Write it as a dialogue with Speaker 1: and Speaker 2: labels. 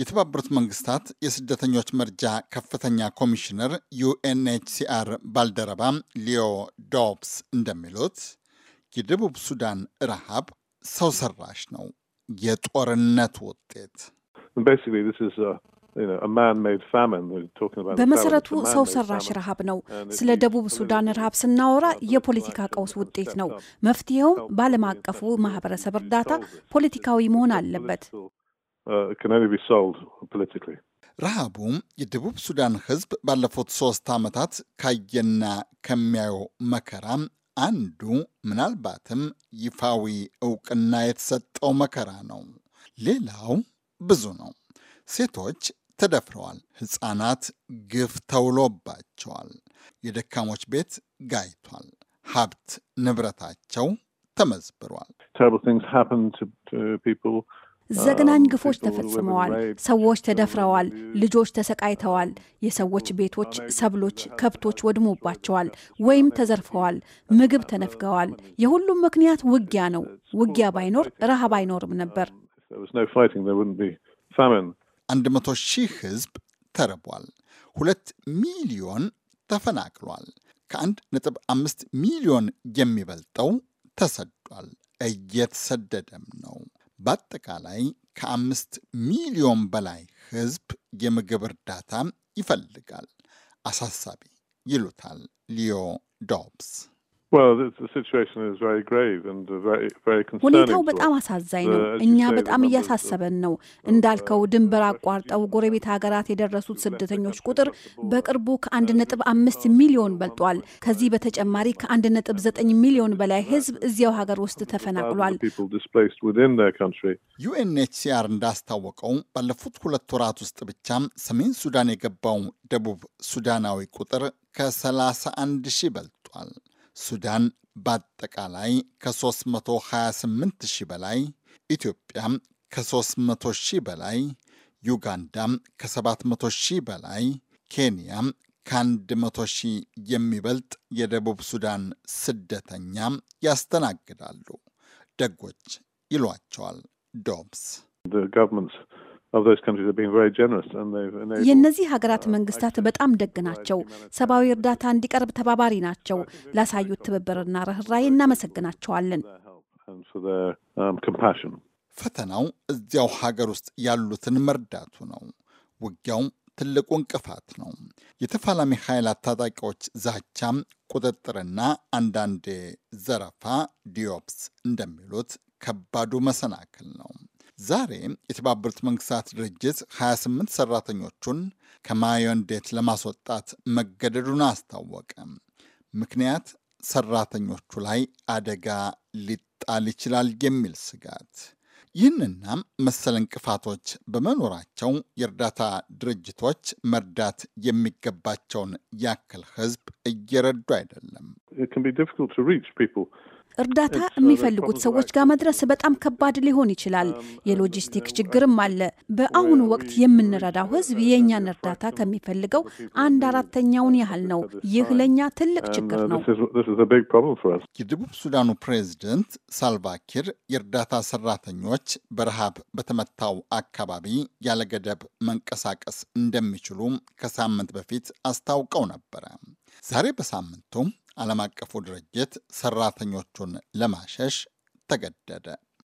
Speaker 1: የተባበሩት መንግስታት የስደተኞች መርጃ ከፍተኛ ኮሚሽነር ዩኤንኤችሲአር ባልደረባ ሊዮ ዶብስ እንደሚሉት የደቡብ ሱዳን ረሃብ ሰው ሰራሽ ነው፣ የጦርነት ውጤት። በመሰረቱ ሰው ሰራሽ
Speaker 2: ረሃብ ነው። ስለ ደቡብ ሱዳን ረሃብ ስናወራ የፖለቲካ ቀውስ ውጤት ነው። መፍትሄውም በዓለም አቀፉ ማህበረሰብ እርዳታ ፖለቲካዊ መሆን አለበት። ረሃቡ
Speaker 1: uh, ረሃቡም የደቡብ ሱዳን ህዝብ ባለፉት ሶስት ዓመታት ካየና ከሚያየው መከራ አንዱ ምናልባትም ይፋዊ እውቅና የተሰጠው መከራ ነው። ሌላው ብዙ ነው። ሴቶች ተደፍረዋል። ሕፃናት ግፍ ተውሎባቸዋል። የደካሞች ቤት ጋይቷል። ሀብት ንብረታቸው ተመዝብሯል።
Speaker 2: ዘግናኝ um, ግፎች ተፈጽመዋል። ሰዎች ተደፍረዋል። ልጆች ተሰቃይተዋል። የሰዎች ቤቶች፣ um, ሰብሎች፣ uh, ከብቶች ወድሞባቸዋል ወይም uh, ተዘርፈዋል። ምግብ uh, ተነፍገዋል። የሁሉም ምክንያት ውጊያ ነው። ውጊያ ባይኖር ረሃብ አይኖርም ነበር።
Speaker 1: um, አንድ መቶ ሺህ ህዝብ ተርቧል። ሁለት ሚሊዮን ተፈናቅሏል። ከአንድ ነጥብ አምስት ሚሊዮን የሚበልጠው ተሰዷል፣ እየተሰደደም ነው። በአጠቃላይ ከአምስት ሚሊዮን በላይ ህዝብ የምግብ እርዳታ ይፈልጋል። አሳሳቢ ይሉታል ሊዮ ዶብስ።
Speaker 2: ሁኔታው በጣም አሳዛኝ ነው። እኛ በጣም እያሳሰበን ነው። እንዳልከው uh, ድንበር አቋርጠው ጎረቤት ሀገራት የደረሱት ስደተኞች ቁጥር በቅርቡ ከአንድ ነጥብ አምስት ሚሊዮን በልጧል። ከዚህ በተጨማሪ ከአንድ ነጥብ ዘጠኝ ሚሊዮን በላይ ህዝብ እዚያው ሀገር ውስጥ ተፈናቅሏል።
Speaker 1: ዩኤንኤችሲአር እንዳስታወቀው ባለፉት ሁለት ወራት ውስጥ ብቻም ሰሜን ሱዳን የገባው ደቡብ ሱዳናዊ ቁጥር ከ31 ሺህ በልጧል። ሱዳን በአጠቃላይ ከ328 ሺህ በላይ፣ ኢትዮጵያም ከ300 ሺህ በላይ፣ ዩጋንዳም ከ700 ሺህ በላይ፣ ኬንያም ከ100 ሺህ የሚበልጥ የደቡብ ሱዳን ስደተኛም ያስተናግዳሉ። ደጎች ይሏቸዋል ዶብስ የእነዚህ
Speaker 2: ሀገራት uh, መንግስታት በጣም ደግ ናቸው። ሰብአዊ እርዳታ እንዲቀርብ ተባባሪ ናቸው። ላሳዩት ትብብርና ርኅራዬ እናመሰግናቸዋለን።
Speaker 1: um, ፈተናው እዚያው ሀገር ውስጥ ያሉትን መርዳቱ ነው። ውጊያው ትልቁ እንቅፋት ነው። የተፋላሚ ኃይላት ታጣቂዎች ዛቻም፣ ቁጥጥርና አንዳንዴ ዘረፋ ዲዮፕስ እንደሚሉት ከባዱ መሰናክል ነው። ዛሬ የተባበሩት መንግስታት ድርጅት 28 ሰራተኞቹን ከማዮንዴት ለማስወጣት መገደዱን አስታወቀ። ምክንያት ሰራተኞቹ ላይ አደጋ ሊጣል ይችላል የሚል ስጋት። ይህንና መሰል እንቅፋቶች በመኖራቸው የእርዳታ ድርጅቶች መርዳት የሚገባቸውን ያክል ህዝብ እየረዱ አይደለም።
Speaker 2: እርዳታ የሚፈልጉት ሰዎች ጋር መድረስ በጣም ከባድ ሊሆን ይችላል። የሎጂስቲክ ችግርም አለ። በአሁኑ ወቅት የምንረዳው ሕዝብ የእኛን እርዳታ ከሚፈልገው አንድ አራተኛውን ያህል ነው። ይህ ለእኛ ትልቅ uh, ችግር ነው።
Speaker 1: የደቡብ ሱዳኑ ፕሬዝደንት ሳልቫኪር የእርዳታ ሰራተኞች በረሃብ በተመታው አካባቢ ያለገደብ መንቀሳቀስ እንደሚችሉ ከሳምንት በፊት አስታውቀው ነበረ። ዛሬ በሳምንቱም ዓለም አቀፉ ድርጅት ሰራተኞቹን ለማሸሽ ተገደደ።